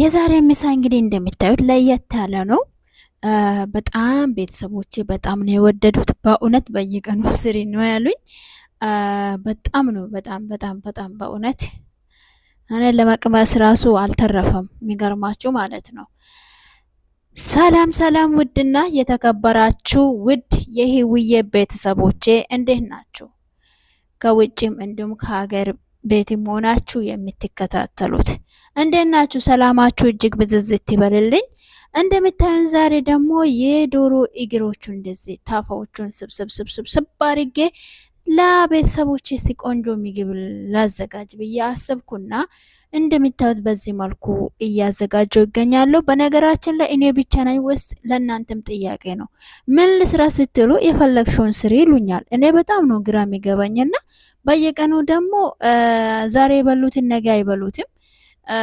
የዛሬ ምሳ እንግዲህ እንደምታዩት ለየት ያለ ነው። በጣም ቤተሰቦቼ በጣም ነው የወደዱት። በእውነት በየቀኑ ስሪ ነው ያሉኝ። በጣም ነው በጣም በጣም በጣም በእውነት እኔ ለመቅመስ ራሱ አልተረፈም። የሚገርማችሁ ማለት ነው። ሰላም ሰላም፣ ውድና የተከበራችሁ ውድ የህውዬ ቤተሰቦቼ እንዴት ናችሁ? ከውጭም እንዲሁም ከሀገር ቤትም ሆናችሁ የምትከታተሉት እንዴት ናችሁ? ሰላማችሁ እጅግ ብዝዝት ይበልልኝ። እንደምታዩን ዛሬ ደግሞ የዶሮ እግሮቹ እንደዚህ ታፋዎቹን ስብስብስብስብ አድርጌ ለቤተሰቦች እስቲ ቆንጆ ምግብ ላዘጋጅ ብዬ አሰብኩና እንደሚታዩት በዚህ መልኩ እያዘጋጀው ይገኛሉ። በነገራችን ላይ እኔ ብቻ ነኝ ወይስ ለእናንተም ጥያቄ ነው? ምን ልስራ ስትሉ የፈለግሽውን ስሪ ይሉኛል። እኔ በጣም ነው ግራ የሚገባኝና በየቀኑ ደግሞ ዛሬ የበሉትን ነገ አይበሉትም።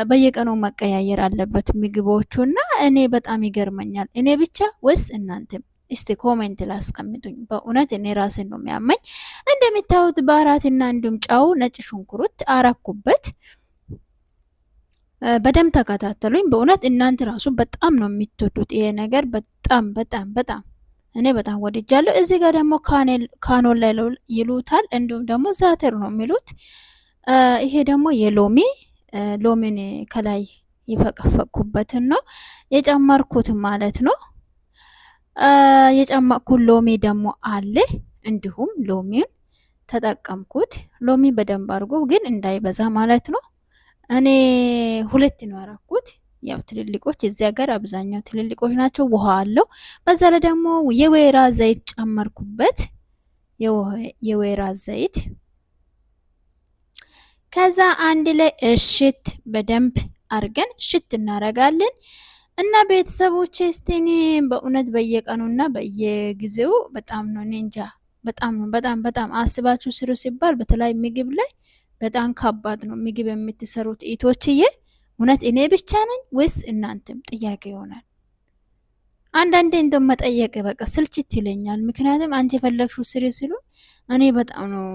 በየቀኑ መቀያየር አለበት ምግቦቹና እኔ በጣም ይገርመኛል። እኔ ብቻ ወይስ እናንተም? እስቲ ኮሜንት ላስቀምጡኝ። በእውነት እኔ ራሴን ነው የሚያመኝ። እንደሚታዩት ባህራትና እንዲሁም ጫው ነጭ ሽንኩርት አረኩበት። በደንብ ተከታተሉኝ። በእውነት እናንተ ራሱ በጣም ነው የምትወዱት ይሄ ነገር በጣም በጣም በጣም እኔ በጣም ወድጃለሁ። እዚህ ጋር ደግሞ ላይ ይሉታል፣ እንዲሁም ደግሞ ዛተር ነው የሚሉት። ይሄ ደግሞ የሎሚ ሎሚን ከላይ የፈቀፈቅኩበትን ነው የጨመርኩት ማለት ነው። የጨመቅኩት ሎሚ ደግሞ አለ፣ እንዲሁም ሎሚን ተጠቀምኩት። ሎሚ በደንብ አድርጎ ግን እንዳይበዛ ማለት ነው። እኔ ሁለት ነው ያረኩት። ያው ትልልቆች እዚህ ሀገር አብዛኛው ትልልቆች ናቸው። ውሃ አለው። በዛ ላይ ደግሞ የወይራ ዘይት ጨመርኩበት። የወይራ ዘይት ከዛ አንድ ላይ እሽት በደንብ አርገን እሽት እናረጋለን። እና ቤተሰቦቼ እስቲኒ በእውነት በየቀኑና በየጊዜው በጣም ነው እኔ እንጃ በጣም ነው በጣም በጣም አስባችሁ ስሩ ሲባል በተለይ ምግብ ላይ በጣም ከባድ ነው ምግብ የምትሰሩት ኢቶችዬ። እውነት እኔ ብቻ ነኝ ወይስ እናንተም? ጥያቄ ይሆናል። አንዳንዴ እንደ መጠየቅ በቃ ስልችት ይለኛል። ምክንያቱም አንቺ የፈለግሽው ስሪ ሲሉ እኔ በጣም ነው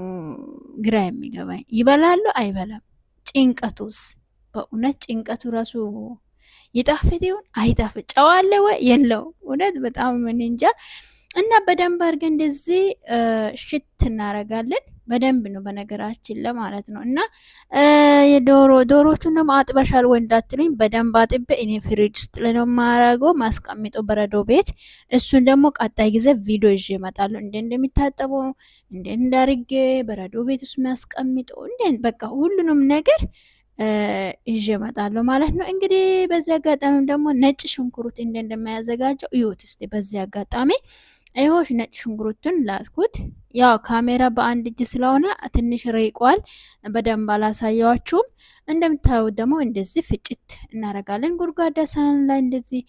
ግራ የሚገባኝ። ይበላሉ አይበላም? ጭንቀቱስ በእውነት ጭንቀቱ ራሱ ይጣፍት ይሆን አይጣፍጥ? ጨዋለ ወይ የለው? እውነት በጣም ምን እንጃ። እና በደንብ አድርገን እንደዚህ ሽት እናረጋለን። በደንብ ነው በነገራችን ለማለት ነው። እና የዶሮ ዶሮቹን ደግሞ አጥበሻል ወይ እንዳትሉኝ፣ በደንብ አጥቤ እኔ ፍሪጅ ውስጥ ነው የማረገው ማስቀምጠው በረዶ ቤት። እሱን ደግሞ ቀጣይ ጊዜ ቪዲዮ ይዤ እመጣለሁ፣ እንዴ እንደሚታጠቡ እንዴ እንዳርጌ በረዶ ቤት ውስጥ የሚያስቀምጠው እንዴ በቃ ሁሉንም ነገር ይዤ እመጣለሁ ማለት ነው። እንግዲህ በዚህ አጋጣሚ ደግሞ ነጭ ሽንኩርት እንደ እንደማያዘጋጀው እዩት እስቲ በዚህ አጋጣሚ ይኸው ነጭ ሽንኩርቱን ላጥኩት። ያው ካሜራ በአንድ እጅ ስለሆነ ትንሽ ርቋል፣ በደንብ አላሳያችሁም። እንደምታዩት ደግሞ እንደዚህ ፍጭት እናደርጋለን። ጎድጓዳ ሳህን ላይ እንደዚህ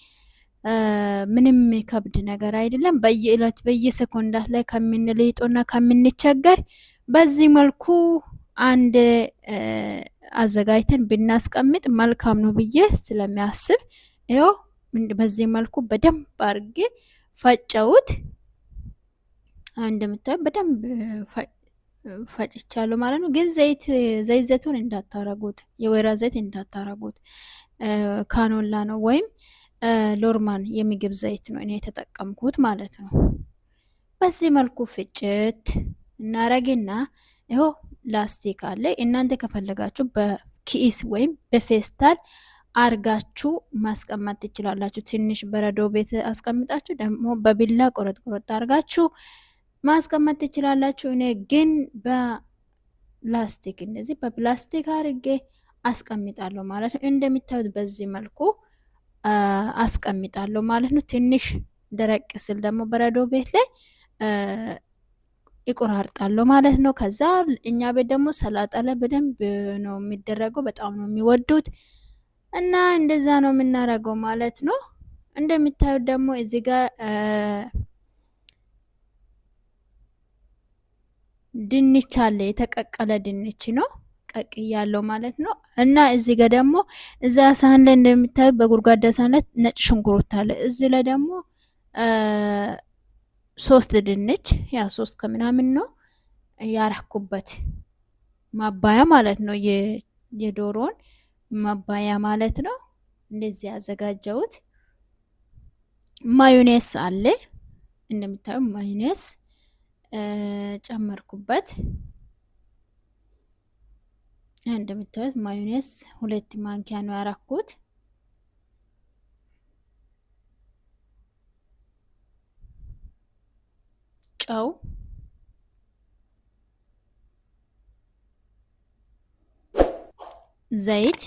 ምንም ከብድ ነገር አይደለም። በየእለት በየሰኮንዳት ላይ ከምንለይጦና ከምንቸገር በዚህ መልኩ አንድ አዘጋጅተን ብናስቀምጥ መልካም ነው ብዬ ስለሚያስብ ይኸው በዚህ መልኩ በደንብ አድርጌ ፈጨውት አሁን እንደምታዩት በደንብ ፈጭቻለሁ ማለት ነው። ግን ዘይት ዘይት እንዳታረጉት፣ የወይራ ዘይት እንዳታረጉት። ካኖላ ነው ወይም ሎርማን የምግብ ዘይት ነው እኔ የተጠቀምኩት ማለት ነው። በዚህ መልኩ ፍጭት እናረግና ይኸው ላስቲክ አለ። እናንተ ከፈለጋችሁ በኪስ ወይም በፌስታል አርጋችሁ ማስቀመጥ ትችላላችሁ። ትንሽ በረዶ ቤት አስቀምጣችሁ ደግሞ በቢላ ቆረጥ ቆረጥ አርጋችሁ ማስቀመጥ ትችላላችሁ። እኔ ግን በላስቲክ እንደዚህ በፕላስቲክ አርጌ አስቀምጣለሁ ማለት ነው። እንደሚታዩት በዚህ መልኩ አስቀምጣለሁ ማለት ነው። ትንሽ ደረቅ ስል ደግሞ በረዶ ቤት ላይ ይቆራርጣለሁ ማለት ነው። ከዛ እኛ ቤት ደግሞ ሰላጣ ላይ በደንብ ነው የሚደረገው። በጣም ነው የሚወዱት። እና እንደዛ ነው የምናደርገው ማለት ነው። እንደምታዩት ደግሞ እዚህ ጋር ድንች አለ፣ የተቀቀለ ድንች ነው ቀቅ ያለው ማለት ነው። እና እዚህ ጋር ደግሞ እዛ ሳህን ላይ እንደምታዩት በጉርጓዳ ሳህን ላይ ነጭ ሽንኩርት አለ። እዚህ ላይ ደግሞ ሶስት ድንች ያ ሶስት ከምናምን ነው ያረኩበት ማባያ ማለት ነው የዶሮን ማባያ ማለት ነው። እንደዚህ ያዘጋጀሁት ማዮኔስ አለ እንደምታዩ ማዮኔስ ጨመርኩበት። እንደምታዩት ማዮኔስ ሁለት ማንኪያ ነው ያረኩት። ጨው ዘይት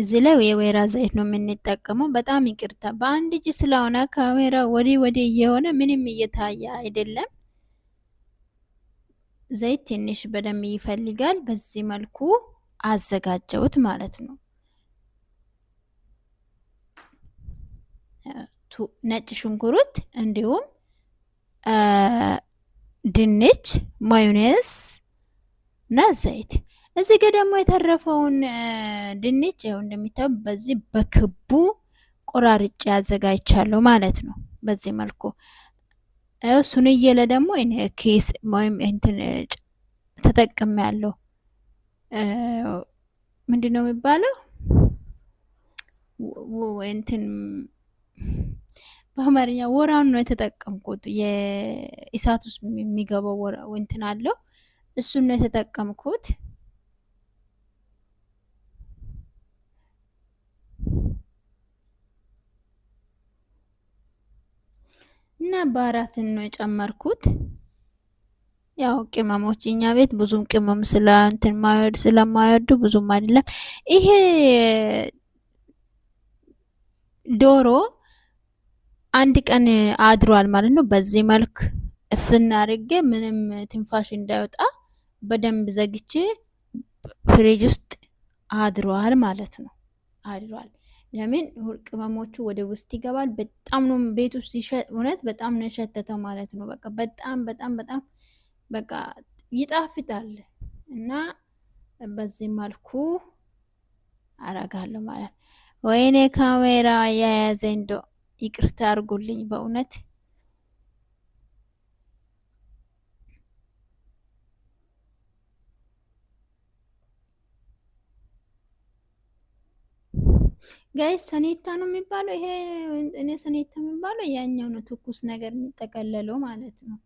እዚህ ላይ የወይራ ዘይት ነው የምንጠቀመው። በጣም ይቅርታ በአንድ እጅ ስለሆነ ካሜራ ወዲ ወዲ እየሆነ ምንም እየታየ አይደለም። ዘይት ትንሽ በደንብ ይፈልጋል። በዚህ መልኩ አዘጋጀውት ማለት ነው። ነጭ ሽንኩርት እንዲሁም ድንች፣ ማዮኔዝ እና ዘይት እዚህ ጋ ደግሞ የተረፈውን ድንች ው እንደሚታዩ በዚህ በክቡ ቆራርጬ አዘጋጅቻለሁ ማለት ነው። በዚህ መልኩ እሱን እየለ ደግሞ ኬስ ወይም እንትን ተጠቅም ያለው ምንድን ነው የሚባለው እንትን በአማርኛ ወራውን ነው የተጠቀምኩት። የእሳት ውስጥ የሚገባው እንትን አለው እሱን ነው የተጠቀምኩት። እና ባህራትን ነው የጨመርኩት። ያው ቅመሞች እኛ ቤት ብዙም ቅመም ስለ እንትን ማይወድ ስለማይወዱ ብዙም አይደለም። ይሄ ዶሮ አንድ ቀን አድሯል ማለት ነው። በዚህ መልክ እፍና አድርጌ ምንም ትንፋሽ እንዳይወጣ በደንብ ዘግቼ ፍሪጅ ውስጥ አድሯል ማለት ነው። አድሯል ለምን ቅመሞቹ ወደ ውስጥ ይገባል። በጣም ነው ቤት ውስጥ እውነት በጣም ነው የሸተተው ማለት ነው። በቃ በጣም በጣም በጣም በቃ ይጣፍጣል እና በዚህ መልኩ አረጋለሁ ማለት ወይኔ ካሜራ ያያዘ እንደ ይቅርታ አርጉልኝ በእውነት ጋይ ሰኔታ ነው የሚባለው። ይሄ እኔ ሰኔታ የሚባለው ያኛው ነው፣ ትኩስ ነገር የሚጠቀለለው ማለት ነው።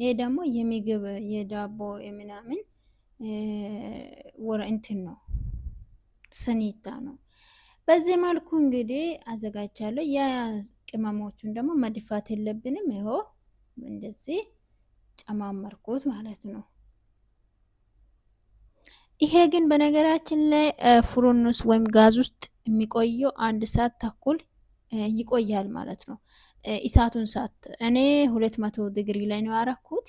ይሄ ደግሞ የምግብ የዳቦ የምናምን ወረ እንትን ነው፣ ሰኔታ ነው። በዚህ መልኩ እንግዲህ አዘጋጃለሁ። ያ ቅመሞቹን ደግሞ መድፋት የለብንም። ይኸው እንደዚህ ጨማመርኩት ማለት ነው። ይሄ ግን በነገራችን ላይ ፍሩን ውስጥ ወይም ጋዝ ውስጥ የሚቆየው አንድ ሰዓት ተኩል ይቆያል ማለት ነው። እሳቱን ሰዓት እኔ ሁለት መቶ ዲግሪ ላይ ነው ያረኩት።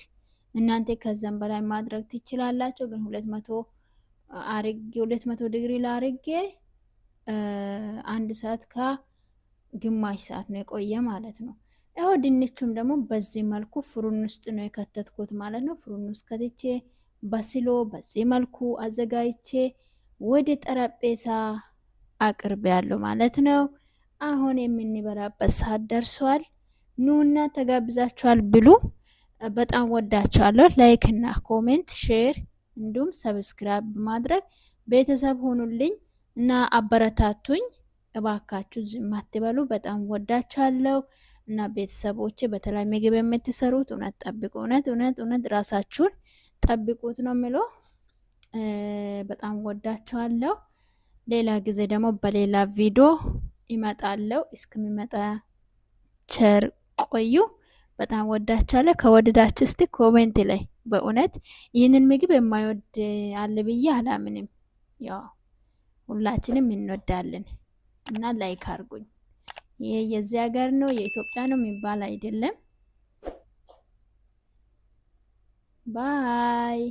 እናንተ ከዛም በላይ ማድረግ ትችላላችሁ። ግን ሁለት መቶ አርጌ ሁለት መቶ ዲግሪ ላይ አርጌ አንድ ሰዓት ከግማሽ ሰዓት ነው የቆየ ማለት ነው። ይኸው ድንቹም ደግሞ በዚህ መልኩ ፍሩን ውስጥ ነው የከተትኩት ማለት ነው። ፍሩን ውስጥ ከትቼ በስሎ በዚህ መልኩ አዘጋጅቼ ወደ ጠረጴዛ አቅርብ ያለው ማለት ነው። አሁን የምንበላበት ሰዓት ደርሷል። ኑና ተጋብዛችኋል ብሉ። በጣም ወዳችኋለሁ። ላይክ እና ኮሜንት፣ ሼር እንዲሁም ሰብስክራይብ ማድረግ ቤተሰብ ሆኑልኝ እና አበረታቱኝ እባካችሁ ዝም አትበሉ። በጣም ወዳችኋለሁ እና ቤተሰቦቼ፣ በተለይ ምግብ የምትሰሩት እውነት ጠብቁ። እውነት እውነት እውነት ራሳችሁን ጠብቁት ነው የምለው። በጣም ወዳችኋለሁ። ሌላ ጊዜ ደግሞ በሌላ ቪዲዮ ይመጣለው። እስከሚመጣ ቸር ቆዩ። በጣም ወዳችኋለሁ። ከወደዳችሁ እስቲ ኮሜንት ላይ በእውነት ይህንን ምግብ የማይወድ አለ ብዬ አላምንም። ያው ሁላችንም እንወዳለን እና ላይክ አርጉኝ። ይሄ የዚህ ሀገር ነው የኢትዮጵያ ነው የሚባል አይደለም። ባይ